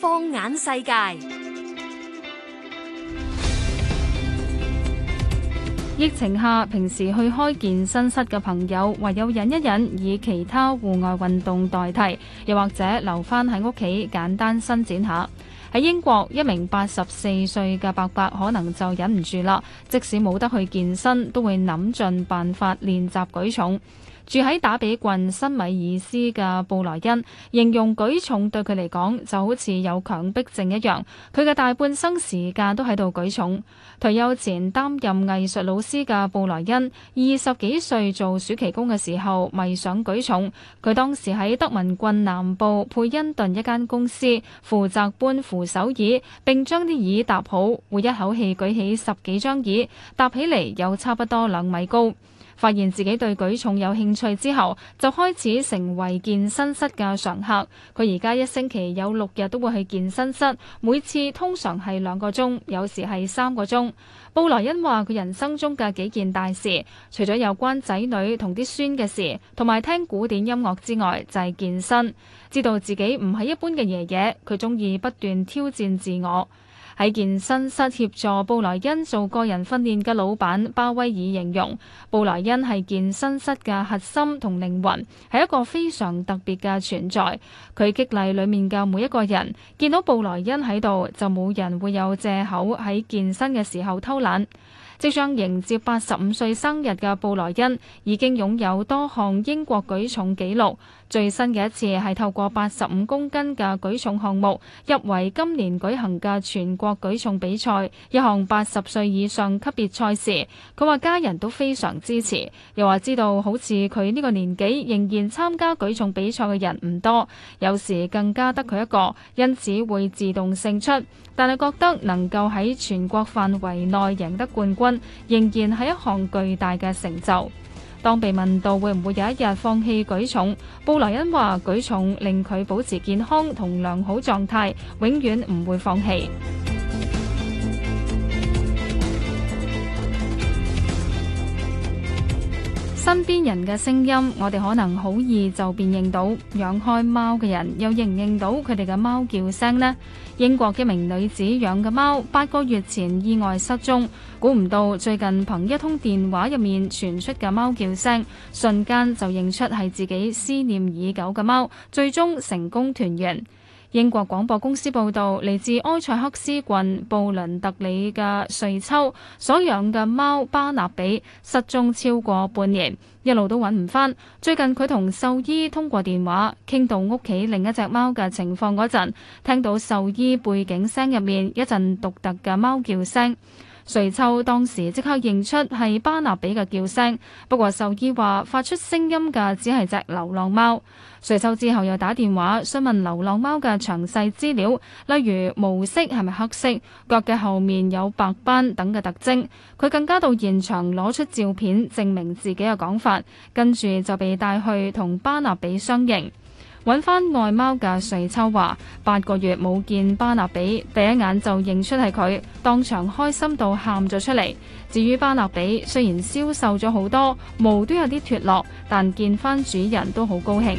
放眼世界，疫情下平時去開健身室嘅朋友，唯有忍一忍，以其他戶外運動代替，又或者留返喺屋企簡單伸展下。喺英國，一名八十四歲嘅伯伯可能就忍唔住啦，即使冇得去健身，都會諗盡辦法練習舉重。住喺打比郡新米爾斯嘅布萊恩形容舉重對佢嚟講就好似有強迫症一樣，佢嘅大半生時間都喺度舉重。退休前擔任藝術老師嘅布萊恩二十幾歲做暑期工嘅時候迷上舉重。佢當時喺德文郡南部佩恩頓一間公司負責搬扶手椅，並將啲椅搭好，會一口氣舉起十幾張椅，搭起嚟有差不多兩米高。發現自己對舉重有興趣之後，就開始成為健身室嘅常客。佢而家一星期有六日都會去健身室，每次通常係兩個鐘，有時係三個鐘。布萊恩話：佢人生中嘅幾件大事，除咗有關仔女同啲孫嘅事，同埋聽古典音樂之外，就係健身。知道自己唔係一般嘅爺爺，佢中意不斷挑戰自我。喺健身室協助布萊恩做個人訓練嘅老闆巴威爾形容，布萊恩係健身室嘅核心同靈魂，係一個非常特別嘅存在。佢激勵裏面嘅每一個人，見到布萊恩喺度就冇人會有借口喺健身嘅時候偷懶。即將迎接八十五歲生日嘅布萊恩，已經擁有多項英國舉重紀錄。最新嘅一次係透過八十五公斤嘅舉重項目入圍今年舉行嘅全國舉重比賽，一項八十歲以上級別賽事。佢話家人都非常支持，又話知道好似佢呢個年紀仍然參加舉重比賽嘅人唔多，有時更加得佢一個，因此會自動勝出。但係覺得能夠喺全國範圍內贏得冠軍，仍然係一項巨大嘅成就。當被問到會唔會有一日放棄舉重，布萊恩話舉重令佢保持健康同良好狀態，永遠唔會放棄。身邊人嘅聲音，我哋可能好易就辨認到，養開貓嘅人，又認唔認到佢哋嘅貓叫聲呢？英國嘅一名女子養嘅貓八個月前意外失蹤，估唔到最近憑一通電話入面傳出嘅貓叫聲，瞬間就認出係自己思念已久嘅貓，最終成功團圓。英國廣播公司報道，嚟自埃塞克斯郡布倫特里嘅瑞秋所養嘅貓巴納比失蹤超過半年，一路都揾唔返。最近佢同獸醫通過電話傾到屋企另一隻貓嘅情況嗰陣，聽到獸醫背景聲入面一陣獨特嘅貓叫聲。瑞秋當時即刻認出係巴納比嘅叫聲，不過獸醫話發出聲音嘅只係隻流浪貓。瑞秋之後又打電話詢問流浪貓嘅詳細資料，例如毛色係咪黑色、腳嘅後面有白斑等嘅特徵。佢更加到現場攞出照片證明自己嘅講法，跟住就被帶去同巴納比相認。揾翻外貓嘅瑞秋話：八個月冇見巴納比，第一眼就認出係佢，當場開心到喊咗出嚟。至於巴納比，雖然消瘦咗好多，毛都有啲脫落，但見翻主人都好高興。